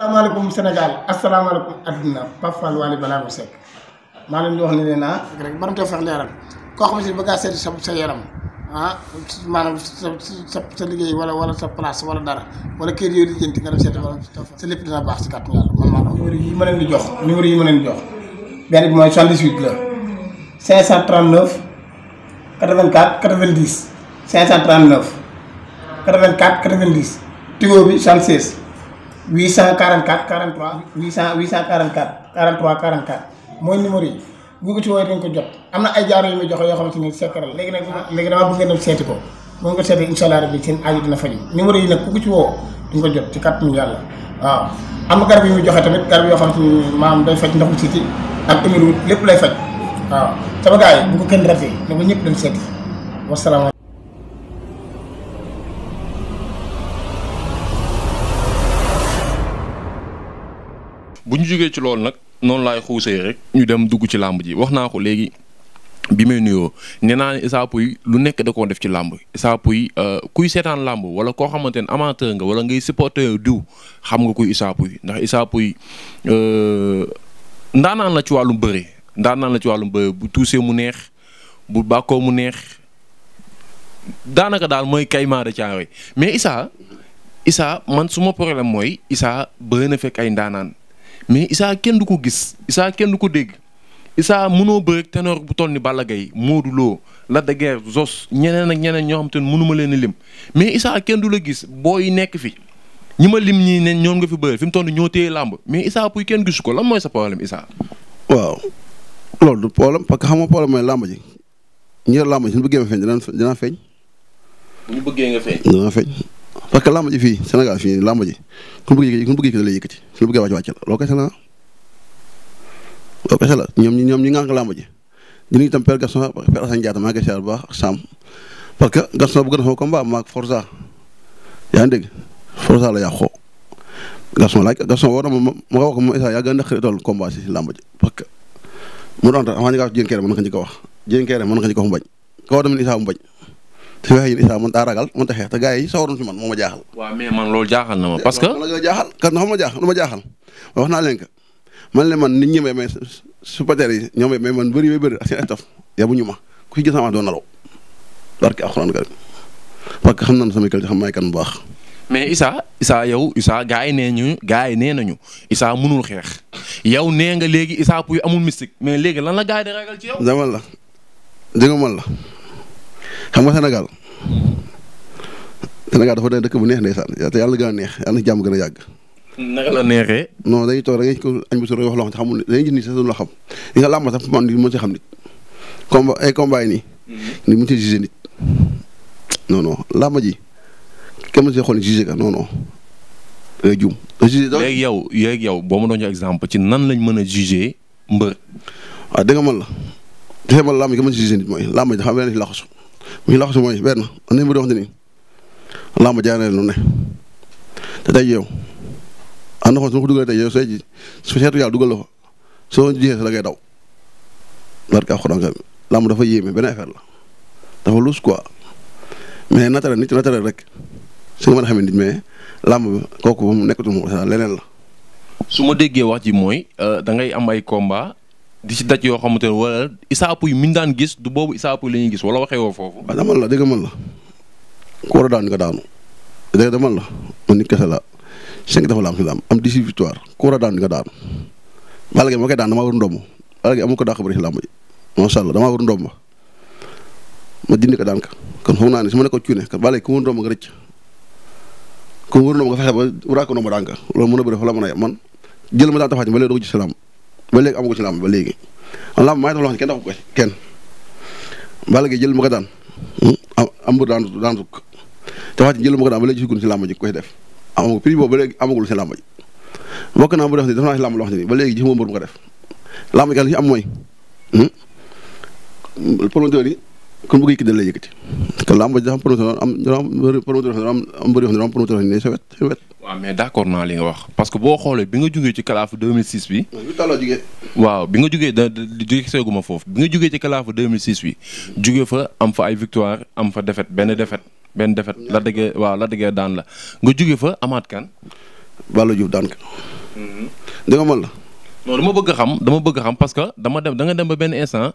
asalaamaaleykum Sénégal asalaamaaleykum adduna Pape Fall Waly balaa bu Seck maa leen di wax ne leen ah rek mën na fex leeral koo xam si bëgg a seeti sa sa yaram ah maa sa sa liggéey wala wala sa place wala dara wala kër yooyu di jënti nga dem seeti wala sa lépp dina baax si kàttu yàlla man maa la numéro yi ma leen di jox numéro yi ma leen di jox benn bi mooy 78 la 539 84 90 539 84 90 tigo bi 76 844 43 800 844 43 44 mooy numéro yi bu ko ci woowee dañ ko jot am na ay jaaro yu muy joxe yoo xamante ni sekkaral léegi nag léegi dama bëgg ngeen dem seeti ko moo nga seetee incha allah rabbi seen aaju dina faju numéro yi nag ku ko ci woo duñ ko jot ci kàttanu yàlla waaw am na garab yu muy joxe tamit garab yoo xamante ni maam day faj ndoxu siiti ak émiru lépp lay faj waaw sama gars yi bu ko kenn ratee ne ko ñëpp dem seeti wasalaamaaleykum bu ñu jógee ci loolu nag noonu laay xuusee rek ñu dem dugg ci làmb ji wax naa ko léegi bi may nuyoo nee naa ne Issa lu nekk da koo def ci làmb Issa Pouye euh, kuy seetaan làmb wala koo xamante ne amateur nga wala ngay supporter diw xam nga kuy Issa Pouye ndax Issa Pouye euh, ndaanaan la ci wàllum bëre ndaanaan la ci wàllum bëre bu tuusee mu neex bu bàkkoo mu neex daanaka daal mooy kaymaa de caawe mais Issa Issa man suma problème mooy Issa bëri na fekk ay ndaanaan. mais Issa kenn du ko gis Issa kenn du ko dégg Issa mënoo bëreeg ténor bu toll ni Balla Gaye Modou Lo Lac de Guiers Zos ñeneen ak ñeneen ñoo xam te ne mënuma leen lim mais Issa kenn du la gis booy nekk fi ñu ma lim ñii ne ñoom nga fi bëre fi mu toll ñoo téye làmb mais Issa Pouye kenn gisu ko lan mooy sa problème Issa. waaw loolu du problème parce que xam nga problème mooy làmb ji ñi làmb ji suñu bëggee ma feeñ dinaa feeñ. bu ñu bëggee nga feeñ. dinaa feeñ. parce que làmb fii Sénégal fii làmb ji ku mu bëggee ku mu bëggee da su ma bëggee wàcc wàcc kese la ñoom ñi ñoom ñi ngànk làmb ji di nuyu itam Père Gaston maa ngi koy bu baax parce que Gaston bu gën a xaw combat maag Forza yaa ngi dégg la yàqoo Gaston laaj Gaston woo na ma ko moom Issa yaa gën a xëy tool combat si làmb parce que mu doon tax avant mu bañ te waxe yéen isaa man daa ragal man ta xeex te gars yi sawaroon ci man moo ma jaaxal waaw mais man loolu jaaxal na ma parce que la nga jaaxal kan xam ma jaaxal wax naa leen ko man leen man nit ñi may may supporters yi ñoom may man bëri bëri ak seen staf ñu ma ku ci gis sama doo nalaw barke alxuraan karim parce que xam nañ sama kër xam may kan bu baax mais Issa Issa yow Issa gaa yi nee ñu gars yi nee nañu Issa mënul xeex yow nee nga léegi Issa Pouye amul mystique mais léegi lan la gars yi di ragal ci yow. demal la dégg ma la xam nga senegal Sénégal dafa doon dëkk bu neex ndeysaan te yàlla gën a neex yàlla na jàmm gën a yàgg. naka la neexee. non dañuy toog da ngay ko añ bu suur wax xam ni sax si xam ay combat ni mu mhm. ci gisee nit. ji kenn mën si xool gisee ka non non. day juum. léegi yow léegi yow boo ma doon jox exemple ci nan lañ mën a jugé mbër. waaw ah, dëgg man mën si laa nit mooy làmb ji xam mu ngi la wax si mooy benn am nañu bëri wax ne nii làmb jaay na ne te tey yow ànd fa su ma ko dugalee tey yow sooy ji su seetu yàlla dugal la fa soo jeexee da ngay daw. barka Alxuraan karim làmb dafa yéeme benn affaire la dafa lus quoi mais naturel nit naturel rek su nga mën a xamee nit mais làmb kooku mu nekkatul moom leneen la. su ma déggee wax ji mooy euh, da ngay am ay komba di ci daj yoo xamante ne wala Issa Pouye mi daan gis du boobu Issa Pouye la ñuy gis wala waxee woo foofu. waaw dama la dégg man la ku war a daan nga daanu dégg dama man nit kese la cinq dafa la am si am am dix-huit victoire ku war daan nga daanu. Balla Gaye koy daan damaa war ndomb Balla Gaye amul ko dàq bëri si làmb ji macha allah ma dindi ko daan ko kon foog naa ni su ma nekkoon cuune Balla Gaye ku war ndomb nga rëcc ku war ndomb nga fexe ba wuraakoo ndomb daan ko loolu mën a bëri fa la mën a yem man jël ma daan taxawaat ma léegi doo ko gis si ba léegi amagu ci làmb ba léegi am làmb maa ngi doon dafa ko kenn ken Gaye jël ma ko daan hmm? am daan daan rukk te wax jël ma ko daan ba léegi gisaguñ ci koy def amagu prix boobu ba léegi amagul ci làmb ji naa bu def ni def naa ci làmb ba léegi gisuma mbër mu ko def làmb ji kat li ci am mooy hmm? promoteur yi ku mu bëgg yëkkati da lay yëkkati te am promoteur am mais d' accord naa wax parce que boo xoolee bi nga jógee ci kalaafu 2006 bi. lu taloo jógee. waaw bi nga jógee da jógee seeguma foofu bi nga jógee ci am fa ay victoire am fa défaite benn défaite benn défaite la dëggee waaw la dëggee daan la nga jógee fa amaat kan. Balla Diouf daan ka. Mhm. dégg nga man la. non dama bëgg xam dama bëgg xam parce que dama dem da nga dem ba benn instant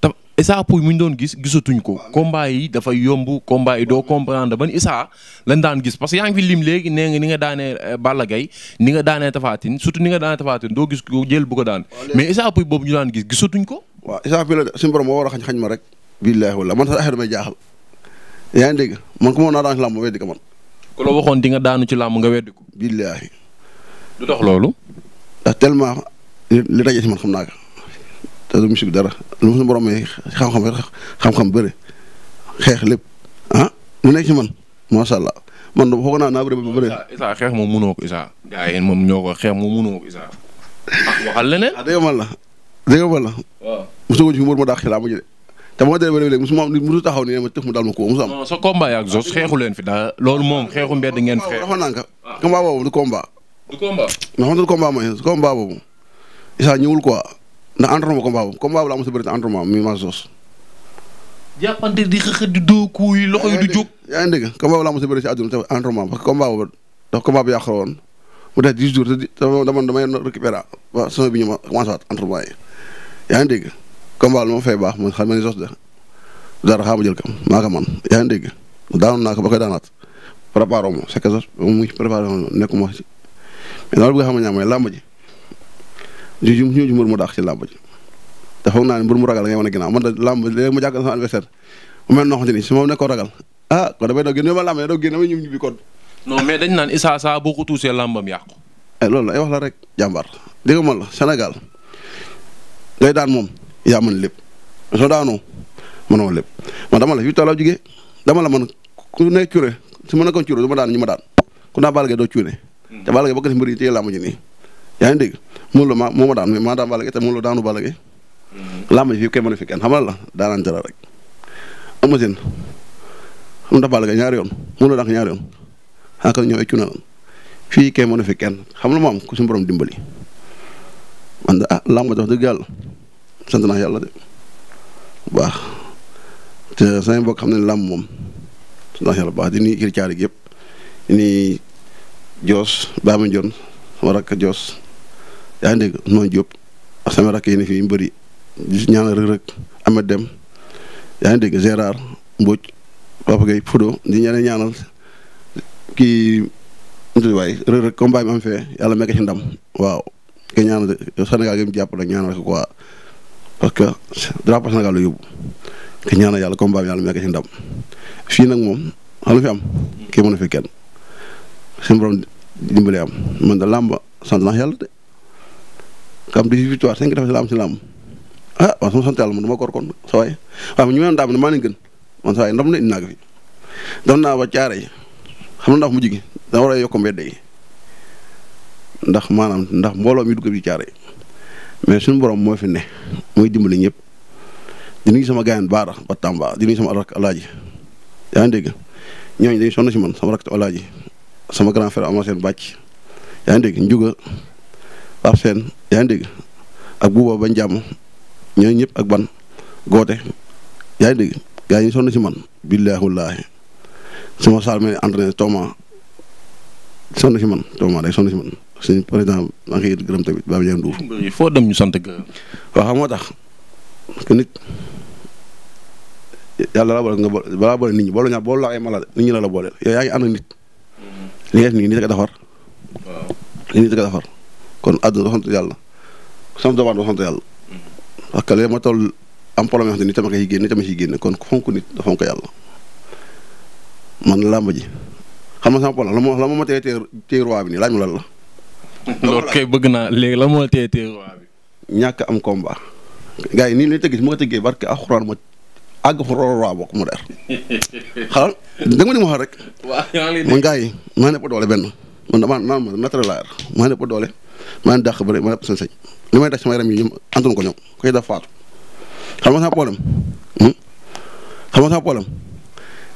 tam. Issa Pouye mu ñu doon gis gisatuñ ko combat yi dafa yomb combat yi doo comprendre ban Issa lañ daan gis parce que yaa ngi fi lim léegi nee nga ni nga daanee euh, Balla Gaye ni nga daanee Tapha Tine ni nga daanee Tapha doo gis ko jël bu ko daan mais Issa Pouye boobu ñu daan gis gisatuñ ko waaw Issa Pouye la suñu borom moo war a xañ xañ ma rek billaahi wala man sax affaire damay jaaxal yaa ngi man ku ma naa daan ci làmb ma weddi ko man ku la waxoon di nga daanu ci làmb nga weddi ko billaahi lu tax loolu ndax tellement li daje xam naa te du musique dara lu mu borom may xam-xam rek xeex lépp ah mu nekk ci man macha allah man foog naa naa bëri ba bëri. Isa xeex moom mënoo ko Isa. gars yi ah, la dégg nga ma daax ci laa de te moo dee ba léegi mosuma am mosu taxaw nii ma tëf mu dal ma ko mosu am. non sa combat xeexu leen fi daal loolu moom xeexu mbedd ngeen fi xeex. dafa naan ka combat boobu du combat. du combat. boobu Isa ñëwul quoi na entraînement combat boobu combat boobu la am sa bëri te entraînement mi maa sos. jàppante di xëxët di dooku yi loxo yi du jóg. yaa ngi dégg combat la am sa bëri si àdduna te entraînement parce que combat boobu dafa combat bi yàqal woon mu def dix jours te di dama damay récupéré waaw sama bi ñu ma commencé waat entraînement yi yaa ngi dégg. combat lu ma fay baax man xam nga ma jël kam maa ko man yaa ngi dégg daanoon naa ko ba koy daanaat préparé wu mu ngi préparé nekkuma ci mais loolu bi nga xam ne ju mu ñëw ci mbër mu daax ci làmb ji te foog naa ne mbër mu ragal da ngay wane ginnaaw man da làmb léegi ma jàkkaarloo sama adversaire mu mel noo xamante ni su ma nekkoon ragal ah kon damay doog génn ma làmb doog génn damay ñëw ñibbi kon non mais dañ naan Issa Sa boo ko eh, la ay wax la rek jàmbaar daan moom yaa mën lépp soo daanoo mënoo dama la fi toolaw jigéen dama la man ku ne curé su ma nekkoon curé du ma daan ñu ma daan ku naa baal gee doo cuune hmm. te baal gee bokk na si mbir yi téye làmb ji nii yaa ngi dégg Modou Lo maa moo ma daan mais te Modou Lo daanu Balla Gaye. Mm-hmm. làmb ji fii koy mën a fi kenn xamal la daanaan dara rek. Eumeu Sène xam ndax Balla Gaye ñaari yoon Modou Lo daan ko ñaari yoon xanaa kat ñoom ay cuna fii kay mën a fi kenn xam lu ma am ku suñu borom dimbali. man de ah làmb jox dëgg yàlla sant naa yàlla de baax te sama mbokk xam ne làmb moom sant naa yàlla bu baax di nuyu kii caari gi yëpp di nuyu Joos Baami Joon sama yaa ngi dégg noonu Diop sama rakk yi ne fii mbëri ñaanal Reug Reug Ama Dem yaa ngi dégg Gérard Mbodj di ñeneen ñaanal kii waaye Reug Reug am fee yàlla mekk ci ndam waaw ke ñaanal Sénégal gi mu que drapeau la yóbbu ke yàlla combat bi yàlla mekk ci ndam fii nag moom xam nga fi am kii mën a fi kenn suñu borom dimbali am te am 18 victoire 5 défaites la am si làmb ah waaw sama sant yàlla man dama góor kon naa ko fi dem naa ba ndax mujj gi dama war maanaam ndax mbooloo mi dugg bi mais suñu borom moo fi ne mooy dimbali ñëpp di nuyu sama gaayan ba Tamba di nuyu sama rakk alaaji yaa si man sama rakk alaaji am njuga a Sène yaa ngi dégg ak Bouba ba Njàmm ñoo ñëpp ak ban goote yaa ngi dégg gaa yi ñu sonn man billaahi wallaahi sama saal ma entraîné tooma sonn ci man tooma day sonn ci man suñu président maa ngi koy gërëm tamit Baba Ndiaye Ndour. foo dem ñu sant gërëm. waaw xam moo boole nga bo balaa boole nit ñi boole boole yaa ngi ànd nit. Mhm. li nga def nit ak a defar. waaw nit ak kon àdduna waxante yàlla sama doomu waxante yàlla. Mm-hmm. parce que ma toll am problème yoo xam ne nii tamit kay génne tamit kon fonk nit dafa fonk yàlla man làmb ji xam nga sama la ma la ma ma tee tee roi bi nii laaj ma lan la. loolu kay bëgg naa léegi la ma tee tee roi bi. ñàkk am combat. gars yi nii lay ma ko barke alxuraan ma àgg fa roi bokk mu der xalal da nga di ma wax rek. waaw man gars yi maa nekk doole benn ma naturel laa doole. maanaam dàq bëri ma seen sëñ li may daj sama yaram yi ñoom antunu ko ñoom koy daf faatu xam nga sama problème hmm? xam nga sama problème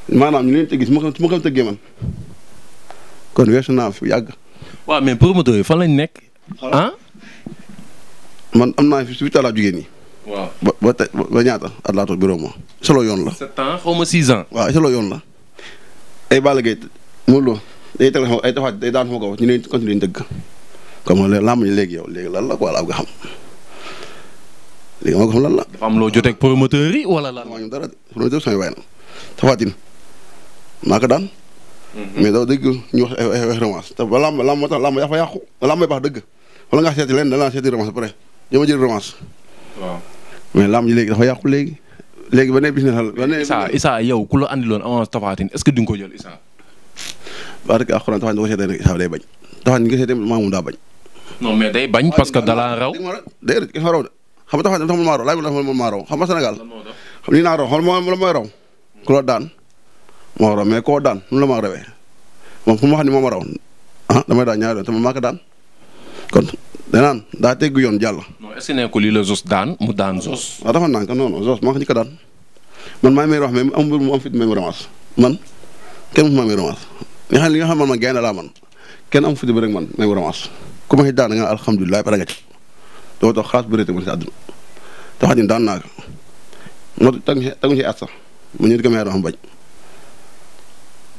maanaam ñu leen te gis ma xam su ma xam tëggee man kon weesu naa fi yàgg. waaw mais promoteur yi fan lañ nekk. ah. man am naa fi huit ans laa jugee nii. waaw ba ba tey ba ñaata at laa toog bureau ma. solo yoon la. sept ans xaw ma six ans. waaw solo yoon la. ay Balla Gaye Modou Lo day teg ay taxawaat day daan fa ko ñu leen continuer dëgg. comme làmb ji léegi yow léegi lan la quoi laa bëgg léegi ma ko la. dafa am loo jotee ak promoteur yi wala lan. maa ñu dara promoteur mhm. samay bàyyi na tafatin maa dëgg ñu wax ay te ba làmb làmb moo tax a yaa fa yàqu làmb yi baax dëgg wala nga seeti leen da la seeti revanche ba pare jëma jël revanche. waaw mais làmb ji léegi yàqu léegi. ba ne business la ba ne. Issa Issa ku la andiloon avance Tafaatine est-ce que di ko jël Issa. parce que alxuraan Tafaatine bañ Tafaatine nga seetee maamu daa bañ. non day bañ parce que dala raw. déedéet maa raw laaj ma dafa maa raw xam nga yoon te ma maa ko mu daan maa ko am mu am fit may man kenn mu maa may ramas li laa man kenn am fit bi man may mu ramas ku ma si daan nga alhamdulilah pare doo tax xaas bëreet a si àdduna te wax dëgg daan naa moo taguñ mu ñëw di ko may doon bañ.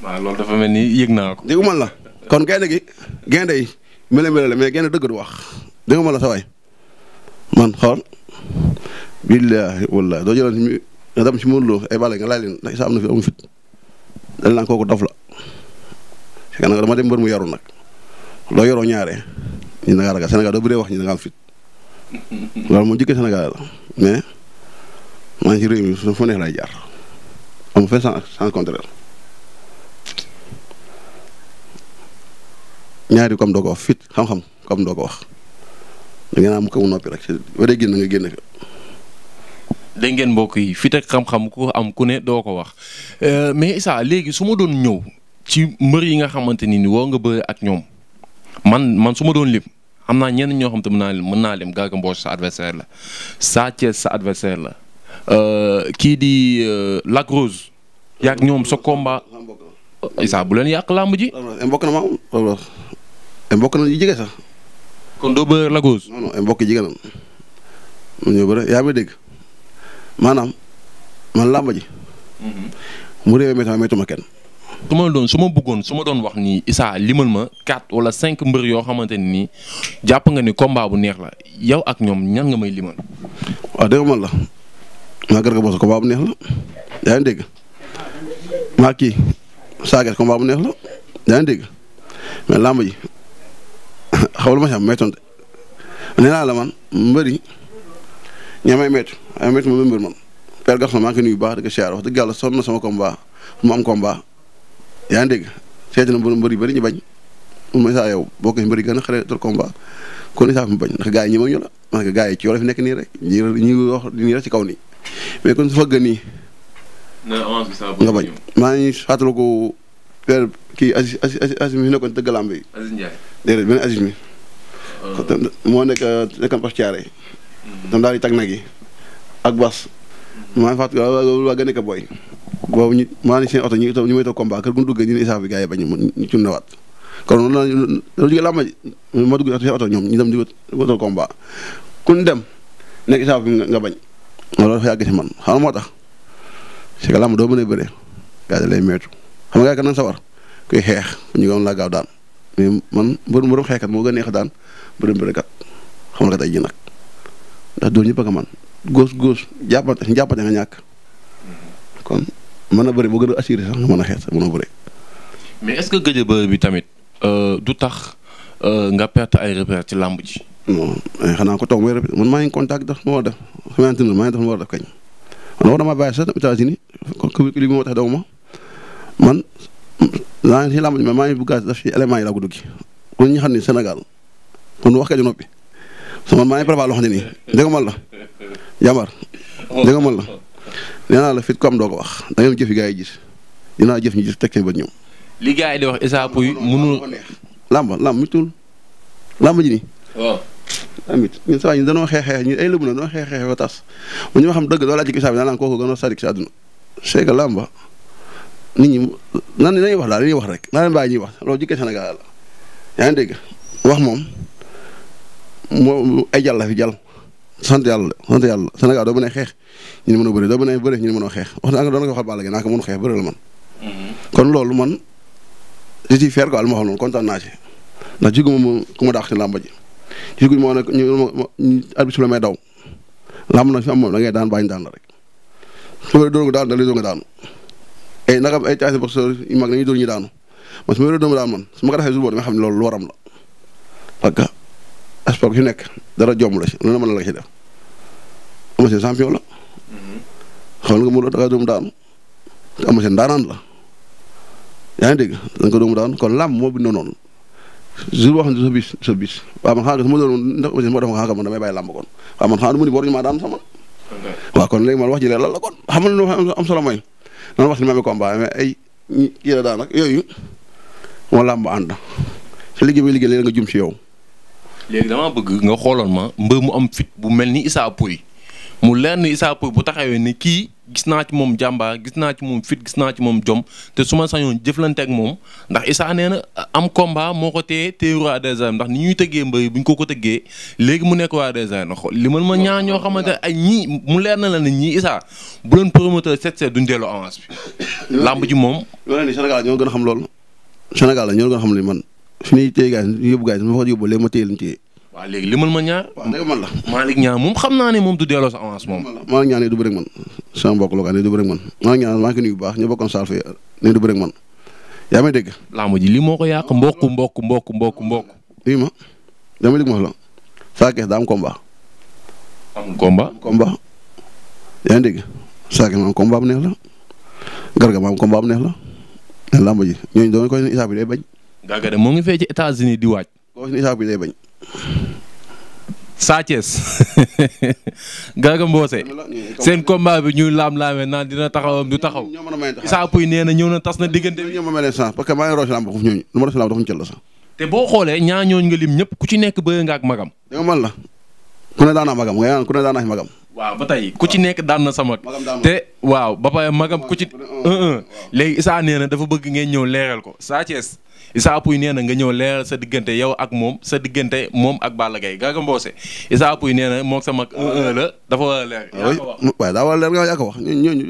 waaw loolu dafa mel ni la kon gaynde gi gaynde yi mele mele la mais gaynde dëgg du wax déggu ma la sa man xool. billaahi wallaahi doo jëloon si mi nga dem si Modou Lo ay nga laaj leen ndax sa am na fi amu fit dañ naan kooku dof la fekk na dama dem mbër mu yaru nag loo yoroo ñaare ñun da ngaa ragal Sénégal doo bëree wax ñu da nga am fit loolu moom jikko Sénégal mais maa ngi ci réew mi su ñaari comme doo fit xam-xam comme doo ko wax da ngeen am kaw noppi rek si génn nga génn. dégg ngeen mbokk yi fit ak xam am ku ne doo ko wax euh, mais Issa léegi su ma doon ñëw ci mbër yi nga xamante ni woo nga bëri ak ñoom. man man su ma doon lim am na ñenn ñoo xam te mën naa lim mën naa lim Garga Mbossé sa adversaire la Sa Thiès sa adversaire la euh, kii di euh, Lac Rose yak ñoom sa combat leen yàq làmb ji. mbokk na ma am mbokk na yu jege sax. kon doo bëre Lac Rose. non non mbokk yi jege ñoo bëre yaa may dégg maanaam man làmb ji. Mhm. mu réew mi tamit méttuma kenn. su ma doon su ma bëggoon su ma doon wax nii Issa limal ma quatre wala cinq mbër yoo xamante ne nii jàpp nga ni combat bu neex la yow ak ñoom ñan nga may limal. waaw dégg man la maa Garga Mbossé combat neex la yaa làmb ji xaw ma si am naa la man mbër man Père Gaston maa ngi koy nuyu bu baax di siyaar wax dëgg yàlla sonn na sama combat mu am combat. yaa ngi dégg seet na bu yu bëri ñu bañ yow boo ko gën a xale tor kon Issa mu bañ ndax gars yi ñi ma ñu la parce que gars yi nekk nii rek ñi ñi wax nii rek kaw nii mais kon su fëgg nii. nga bañ maa ngi fàttaliku ko père kii Aziz Aziz Aziz mi nekkoon dëgg lamb yi. Aziz Ndiaye. déedéet benn mi. Euh. moo nekk nekkoon pas caare. Mm-hmm. tam daal tag nag yi ak bas. Mm-hmm. maa ngi fàttaliku waa waa gën a nekk boobu ñu maanaam seen oto ñu ngi toog ñu may toog combat kër gu ñu duggee ñu ne isaaf bi gars yi bañ ñu cun nawaat kon seen oto ñoom ñu dem di wëtal combat ku ñu dem nekk isaaf bi nga bañ loolu dafa yàgg si man xam moo tax c'est que doo mën a bëree lay meetu xam nga kan nag sawar kuy xeex ñu laa gaaw daan man mbërum mbërum xeexkat moo gën a neex daan mbërum bërekat xam nga tey ji nag ndax doo ñëpp a ko man goos góos jàppante jàppante nga ñàkk mën a bëri boo gën sax nga a xeex mën a mais est-ce que gëj bëri bi tamit euh, du tax euh, nga perte ay ci làmb ji. non xanaa ko toog mooy man maa ngi contact daf ma war a maa ngi def ma war a def kañ. man war damaa bàyyi ma man daa ngi si làmb maa ngi bugg def si éléments yi laa ko dugg kon ñi xam ni Sénégal kon wax ka ju noppi. sama maa ngi préparé loo xam ne nii dégg la jàmbaar dégg nga la. nee naa la fit ko am doo ko wax da ngeen jëf yi gaa yi gis dinaa jëf ñu gis teg seen bët ñoom. li gaa yi di wax Issa Pouye mënul. làmb làmb mi tuul làmb ji nii. waaw. Oh. amit ñun saa ñu danoo xeex xeex ñu ay lëbu na danoo xeex xeex ba tas ba ñu xam dëgg doo laaj ci Issa bi danaa kooku gënoo sadik si àdduna c'est que làmba nit ñi wax daal li ñuy wax rek. naa leen bàyyi ñuy wax loolu jikkee Sénégal la yaa ngi wax moom moo ay jàll la fi sant yàlla sant yàlla Sénégal doo mën a xeex ñu mën a bëri doo mën a bëri ñu mën a xeex wax naa ko doon ko waxal Balla Gaye naa ko mën xeex bëri la man. Mm-hmm. kon loolu man je suis fier quoi ma xam noonu kontaan naa ci ndax jiguma ma ku ma daax ci làmba ji jiguma ma ne ñu ñu arbitre la may daw làmb na fi moom da ngay daan bàyyi daan rek su ma doon daan da lay doon daanu ay naka ay caasi boxeur yu mag dañuy ñu daanu man su ma doon daan man su ma ko defee su boobu dama xam ne loolu lu waram la parce que aspect bi ci nekk dara jomb la ci loolu la mën la la ci def monsieur champion la. xamal nga Modou nga doomu daanu te Eumeu Sène daanaan la yaa ngi dégg da ko doomu daanu kon làmb moo bind noonu jour boo xam ne sa bis sa moo defoon xaaral man damay bàyyi làmb ma ni boor ñu maa daan sama. kon léegi man wax ji leer la kon xam nga lu am solo wax ni ma amee combat mais kii la daan ak yooyu moo làmb ànd sa liggéey bi liggéey nga jum si yow. léegi damaa bëgg nga xooloon ma mbër mu am fit bu mel ni Issa Pouye mu leer ni Issa Pouye bu taxawee ni kii gis naa ci moom jàmbaar gis naa ci moom fit gis naa ci moom jom te su ma sañoon jëflante ak moom ndax Issa nee na am combat moo ko téye téye roi des ndax ni ñuy tëggee mbëri bu ñu ko ko tëggee léegi mu nekk roi des arènes li man ma ñaa ñoo xamante ay ñii mu leer na la ne ñii Issa bu leen promoteur set set duñ delloo avance bi. làmb ji moom. loolu ni Sénégal ñoo gën a xam loolu Sénégal ñoo gën a xam li man fi ñuy téye gars yi yóbbu gars yi ma fa yóbbu waaw léegi limal ma ñaar. waaw léegi man la. Malick Niang moom xam naa ne moom du delloo sa avance moom. Malick Niang ne du bëreeg man sama mbokk la ko ne du bëreeg man Malick Niang maa ngi nuyu bu baax ñu bokkoon saal fee ne du bëreeg man yaa may dégg. làmb ji li moo ko yàq mbokk mbokk mbokk mbokk mbokk. oui ma dama dégg ma la Sa Thiès daa am combat. amul combat combat. yaa ngi dégg Sa Thiès ma am combat bu neex la Garga ma am combat bu neex la mais làmb ji ñooñu doon koy ne isaab bi day bañ. Garga de moo ngi fee ci États-Unis di waaj. koo si ne isaab bi day bañ. Sa Thiès Garga Mbossé seen combat bi ñuy laam-laamee naan dina taxawam du taxaw. Issa Pouye nee na ñëw na tas na diggante bi. ñoom ñoo ma leen chance parce que maa ngi roose lamb foofu ñooñu xoolee ñaa ñooñu nga lim ñëpp ku ci nekk bëre nga ak magam. da nga ne daan naa magam nga yaa daan naa magam. waaw ba tey ku ci nekk daan na sa mag te waaw ba pare magam ku ci. léegi Issa dafa bëgg ngeen ñëw leeral ko Sa Thiès Issa Pouye nee na nga ñëw leeral sa diggante yow ak moom sa diggante moom ak Balla Gaye Garga Mbossé na moom sa mag dafa war a leer. waaw daa war nga yaa wax ñooñu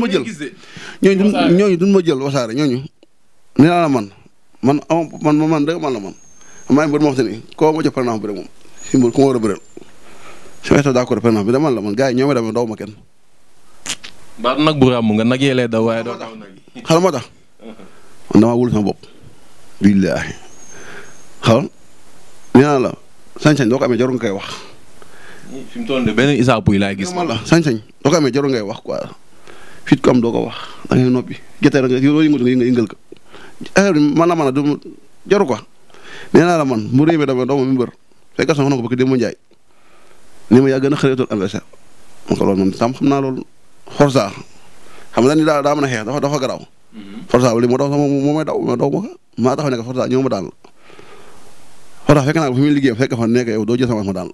ma jël. ñooñu ñooñu duñ ma jël ñooñu. nee man man man man dëgg man la man maa ngi bëri moo xam ne koo ma jox par exemple bi moom si ma war a bëreel su ma d'accord par exemple bi dama la man gaa yi ñoo ma demee daw ma kenn. baatu nag bu ràmm nga nag yee lay daw waaye doo daw nag man damaa wóolu sama bopp billaahi xaw nee naa la sañ doo ko amee jarul nga koy wax. fi mu toll nii benn Issa Pouye gis. la sañ-sañ doo ko amee jarul ngay wax quoi fit ko doo ko wax da noppi gerte rek yow man la man du jaru quoi nee naa la man mu réew mi dama doomu mi mbër fekk sama ko bëgg dem ma njaay ni yaa gën a xëreetul adversaire man ko loolu man tam xam naa loolu xor saa xam nga daal daa mën na xeex dafa dafa garaaw. Mhm. Forza li ma daw sama moom mooy daw ma daw ma ko maa tax nekk Forza ñëw ma daal Forza fekk naa ko fi muy liggéeyam fekk fa nekk yow doo jël sama ma daal.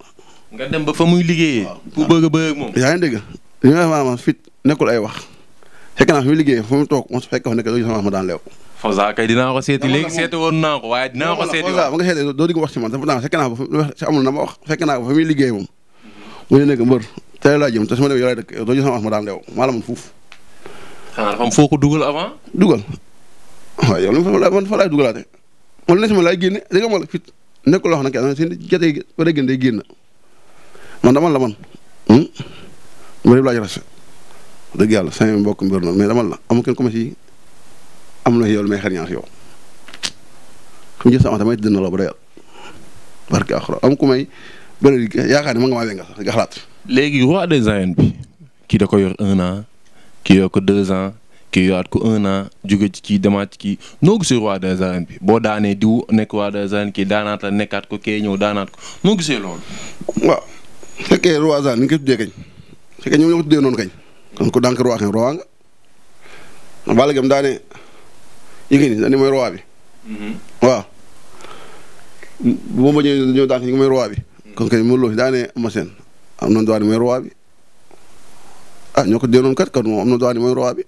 nga dem ba fa muy liggéeyee. ku bëgg a bëgg ak moom. yaa ngi dégg li nga maanaam fit nekkul ay wax fekk naa fi muy liggéey fa mu toog moom fekk fa nekk doo jël sama ma daal leew. Forza kay dinaa ko seeti léegi seeti woon naa ko waaye dinaa ko seeti. waaw ba nga seetee doo di ko wax ci man dafa naa fekk naa ko fa amul na ma wax fekk naa ko fa muy liggéey moom. Mhm. mu ne nekk mbër tey laa jëm te su ma demee yow lay dëkk doo jël sama ma daal leew maa la mën fuuf xanaa dafa am foo ko dugal avant. dugal waaw yow la man si ma laay génne li nga ma la fit nekkul loo xam ne kenn seen jotee war a génn day génn man la man. Hmm? ma yëpp laaj rase dëgg yàlla saa yu mbokk mbir noonu mais dama la amul kenn ku si am na yow li may xar ñaar yow xam nga sama damay dina la bu doyal barke Alxuraan am ku may bëri yaakaar ma nga maa wéngal sax di xalaat. léegi roi bi kii da ko yor un kii yor ko ki ans kii yoraat ko un an jóge ci kii demaat ci kii noo gisee roi des arènes bi boo daanee diw nekk roi des arènes daanaat la nekkaat ko kee daanaat ko noo gisee loolu. waaw su fekkee roi ni nga ko tuddee kañ su fekkee ko tuddee noonu kañ kon ku dànk roi kañ roi bi. waaw bu ma ñëwee ñëw dànk ñu mooy roi bi. Mm-hmm. ah ñoo ko déggoon kat kon moom am na droit ni mooy roi bi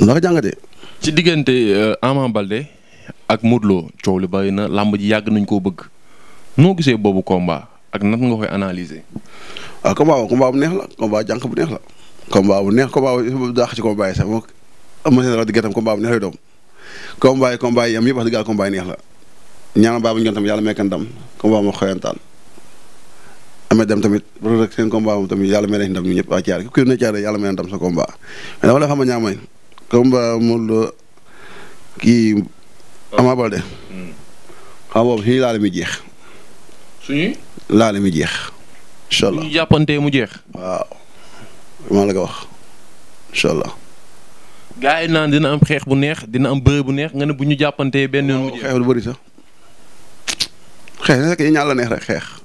ndax jàngatee. ci diggante euh, Ama Balde ak Modou Lo coow li bari na làmb ji yàgg nañ koo bëgg noo gisee boobu combat ak nan nga koy analyser. waaw ah, combat bu neex la combat jànq bu neex la. combat bu neex combat bu daax ci combat yi sax moom am na seen rajo gerteem combat bu neex lay doom combat yi combat yi am yëpp wax dëgg yàlla yi neex la ñaanal baabu ñu doon yàlla may kan ndam combat moo xoyantaan Ama dem tamit Reug Reug seen combat moom tamit yàlla may na ndam sa combat mais dama la xam a ñaa mooy combat Modou Lo kii Ama Baldé xam boobu suñuy laale mi jeex. suñuy. mi jeex. incha allah mu jeex. waaw la ko wax incha allah. gaa yi naan dina am xeex bu neex dina am bëre bu neex nga ne bu ñu jàppante benn yoon. mu jeex xeex du bëri sax xeex na rek ñaar la neex rek xeex.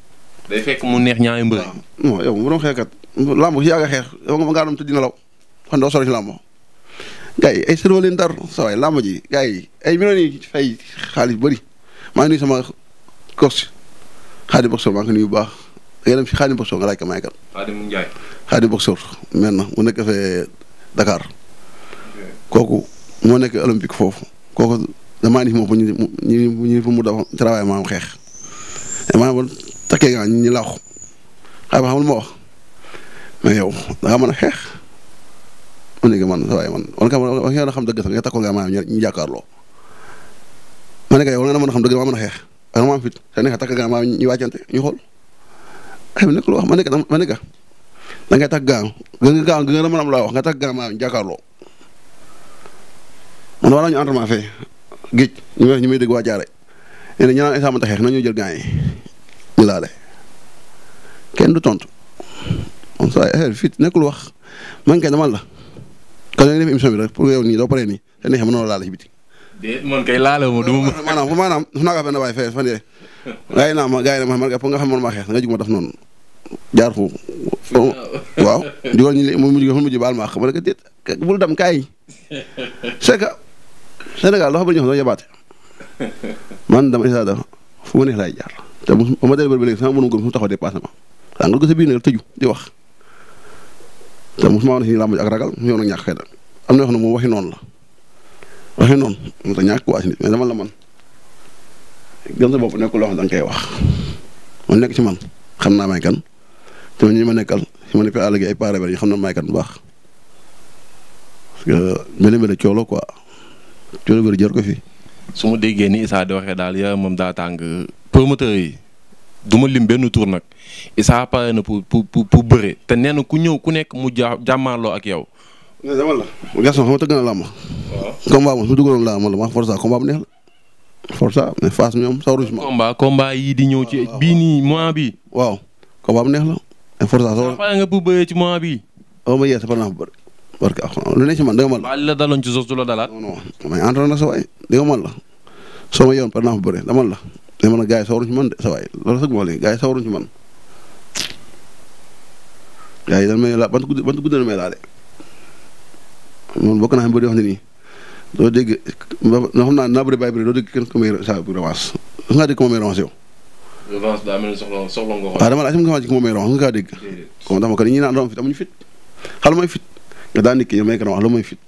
day fekk mu neex ñaari mbër. non yow mu doon xeexkat lamb si yàgg a xeex yow nga gàllam tëdd na law kon doo si lamb gars ay sëroo leen dar lamb ji gars ay millions yi fay xaalis bëri maa ngi nuyu bu baax da nekk fee Dakar kooku moo nekk olympique foofu kooku damaa ni moom ñu ñu ñu mu dafa travail maam xeex. takkee nga ñi laaw xam nga ma wax mais yow da nga mën a xeex mu ne man sa waay man wan nga xam dëgg sax nga takkoo nga maanaam ñu ñu ma ne ko yow la nga mën a xam dëgg damaa mën a xeex da nga mën a fit te ne ko ñu wàccante ñu xool aywa nekk ma ne ko ma ne ko nga gaa gën a mën a am nga takk gaa maanaam ñu jàkkaarloo man wala waa jaare ñu ne ñu naan instant mënta xeex nañu jël gaa di kenn du tontu on sa affaire fit nekkul wax man kay dama la kon da nga def émission bi rek pour yow nii doo paree nii te neexee mënoo laale man kay laale ma du ma. maanaam maanaam ma la waxee benn waay ma gars yi ma man kay pour nga xam man maa xeex nga jug ma def noonu jaar fu. waaw mu mujj fa mujj baal ma xam rek déet bul dem kaay c'est loo xam ne ñoo xam ne man dama isa dafa fu ma neex jaar. te bu ma dee ba ko su ma taxaw dépassé ma ko sa di wax te mosuma woon si làmb yoon am na yoo xam ne moom la waxi noonu moo tax ñàkk la man gëm sa bopp nekkul koy wax man nekk ci man xam naa may kan te ñi ma nekkal si ma nekkee àll gi ay pare ba ñu xam na may kan bu baax parce que beneen bi la coolo quoi coolo bi ko fi. su ma déggee ni Issa di waxee daal yaramam daa tàng. promoteur yi du ma lim benn tour nag Issa pare na pour pour pour bëre te nee ku ñëw ku nekk mu ja jàmmaarloo ak yow. mais demal la. Gaston xam na làmb. waaw combat moom la ma forsa combat bu neex la. forsa mais face ñoom sa rouge ma. combat combat yii di ñëw ci. bii bi waaw neex la. mais forsa soo. pare nga pour bëree ci mois bii. waaw ma yees par naa bëri. lu ne ci man dëgg man la. la daloon ci sos du la dalaat. non non mais na sa waay dëgg la soo ma yoon par naa bëri dama la. mais man nag gars yi sawaruñ ci man de sa waay loolu sax moo léegi gars yi sawaruñ ci man gars yi dañ may la bant guddi bant guddi na may laale man bokk naa xam bëri yoo xam ne nii doo dégg loo xam naa naa bëri bàyyi bëri doo dégg kenn ku may saa bu revanche su nga dégg ku ma may revanche yow. revanche daa mel ni soxla soxla nga xool. waaw ah, dama la asim nga xamante ni ku ma may revanche nga kaa dégg. kon dama ko ni ñi naan doom fit amuñu fit xalu may fit nga daan nit ki yow may ko revanche lu may fit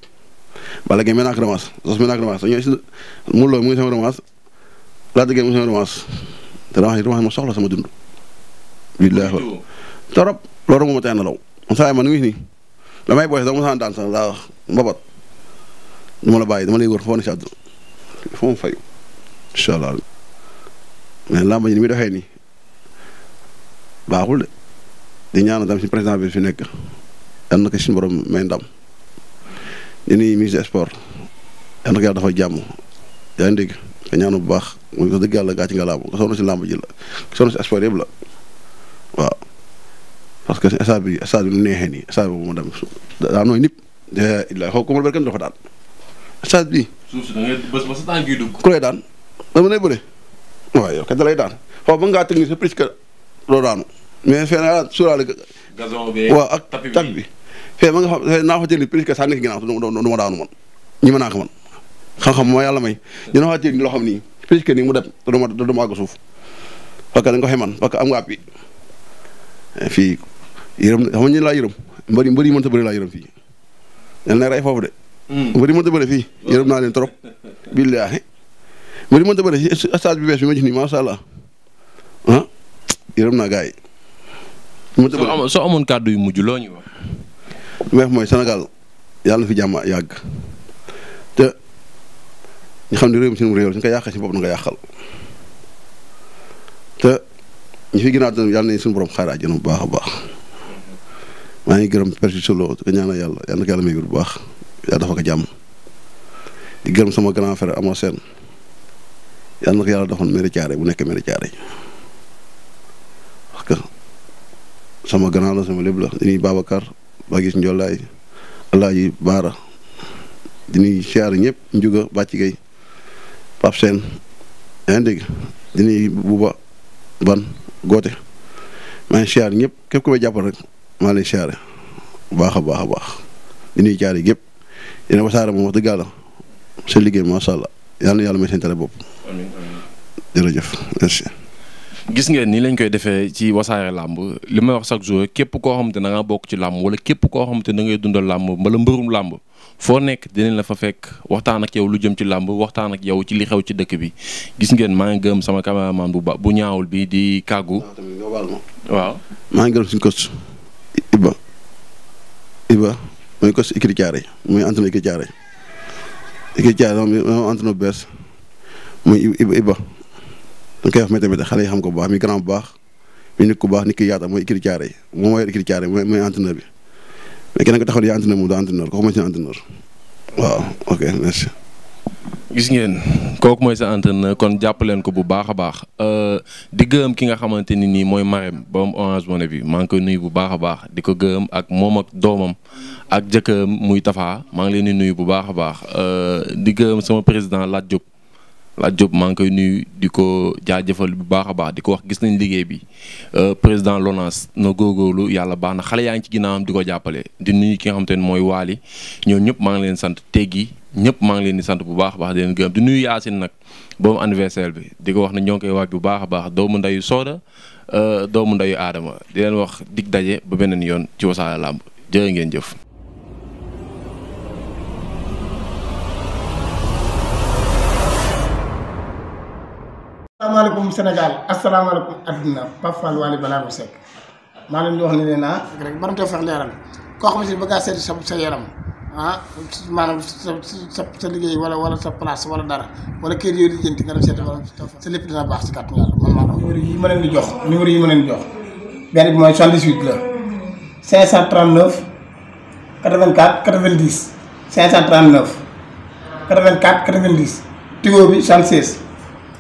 bala ngay mel naa ko revanche sos mel naa ko revanche ñooy si mu loo mu ngi sama revanche laa dëggee mu sama revanche te ma soxla sama dund. torop loolu moom ma tey nelaw man saa ma nu muy nii damay booy dama mosaan daan sax daa wax mbabat dama la bàyyi dama lay wër foo si àdduna foo mu fayu incha allah mais làmb ji ni muy doxee nii baaxul de di ñaanal tam si président bi fi nekk na ko si borom may ndam di nuyu ministre sport yal na ko yàlla dafa jàmm yaa ngi te ñaanu bu baax man ko dëgg yàlla gaa ci nga laamu nga sonn si làmb ji la nga sonn si sport yëpp la waaw bi stade bi neexee nii stade boobu ma dem daa nooy nip illa ko ma berkan dafa daan stade bi da ngay bës ku lay daan dama lay bëre waaw daan xaw ba ngaa technique sa plus que daanu mais fee na suuraale gazon bi waaw ak tapis bi fee ma nga fee naa fa jëli plus que sànni ki ginnaaw du ma daanu man ñi ma naa xam-xam moo yàlla may ñu ne waa téeg loo xam nii puisque nii mu dem te duma te suuf parce que da nga ko xeman parce que eh, fii yërëm xam ñu laa yërëm mbëri mbëri mënta bëri laa yërëm fii yal na rey foofu de hmm. mbëri mënta bëri fii yërëm naa leen trop billaahi mbëri mënta ma gis nii macha allah ah yërëm naa gars yi soo amoon kàddu yu mujj loo ñu wax weex mooy Sénégal fi jàmm yàgg ñu xam ne réew mi suñu ko yàqee si bopp na nga yàqal te ñu fi ginnaaw dina yàlla nañu suñu borom xaar àjjana bu baax a baax maa ngi gërëm persi solo di ko ñaanal yàlla yàlla na ko bu baax yàlla dafa ko jàmm di gërëm sama grand frère Ama yàlla na ko yàlla defoon mairie Thiaré bu nekk mairie Thiaré parce que sama grand sama lépp la di nuyu Babacar ba gis Ndiolaay Alaaji Baara di nuyu siyaar ñëpp Njuga Bàcc Gay Pape Sène yaa ngi dégg di nuyu Bouba Ban Goote maa siyaar ñëpp képp ku may jàppal rek maa lay siyaare baax a baax a baax di nuyu jaar yi yëpp yéen a wasaare moom wax dëgg yàlla seen liggéey macha allah yal na yàlla may seen tale bopp. amiin amiin jërëjëf merci. gis ngeen nii lañ koy defee ci wasaare làmb li may wax chaque jour képp koo xamante na nga bokk ci làmb wala képp koo xamante na ngay dundal làmb mbala mbërum làmb foo nekk dinañ la fa fekk waxtaan ak yow lu jëm ci làmb waxtaan ak yow ci li xew ci dëkk bi gis ngeen maa ngi gëm sama cameraman bu ba bu ñaawul bi di kàggu. waaw maa ngi gëm si coach Iba Iba mooy coach Ikri Thiaré mooy entraîneur Ikri Thiaré bu bees muy Iba Iba da koy wax métti métti xale yi xam ko bu baax mi grand bu baax mi nit ku baax nit ki yaata mooy Ikri Thiaré moom mooy Ikri Thiaré mooy bi. mais kenn ku taxaw yaa entraîneur moom daa entraîneur kooku mooy seen entraîneur waaw ok merci. gis ngeen kooku mooy sa entraîneur kon jàpp leen ko bu baax a baax euh, di gërëm ki nga xamante ni nii mooy Marème borom Orange bi maa ngi koy nuyu bu baax a baax di ko gërëm ak moom ak doomam ak jëkkëram muy Tafa maa ngi leen di nuyu bu baax a baax euh, di gërëm sama président Lat Diop Lat Diop maa ngi koy nuyu di ko jaajëfal bu baax a baax di ko wax gis nañ liggéey bi euh, président LONASE na góorgóorlu yàlla baax na xale yaa ngi ci ginnaawam di ko jàppale di nuyu ki nga xam mooy Waly ñoom ñëpp maa ngi leen sant teggi ñëpp maa ngi leen di sant bu baax baax leen gërëm di nuyu Yacine nag boobu anniversaire bi di ko wax na ñoo ngi koy waaj bu baax a baax doomu ndeyu Soda euh, doomu ndeyu aadama di leen wax dig daje ba beneen yoon ci Wassare Lamb jërë ngeen jëf. asalaamaaleykum Sénégal asalaamaaleykum adduna Pape Fall Waly Ballago Seck maa leen di wax ne leen ah rek mën nga fex leeral koo xam si bëgg a seeti sa sa yaram ah maanaam sa sa sa liggéey wala wala sa place wala dara wala kër yooyu lijjanti nga dem seeti wala sa lépp dina baax si kàttan yàlla man maa numéro yi ma leen jox numéro yi ma leen di jox benn bi mooy 78 la 539 84 90 539 84 90 tigo bi 76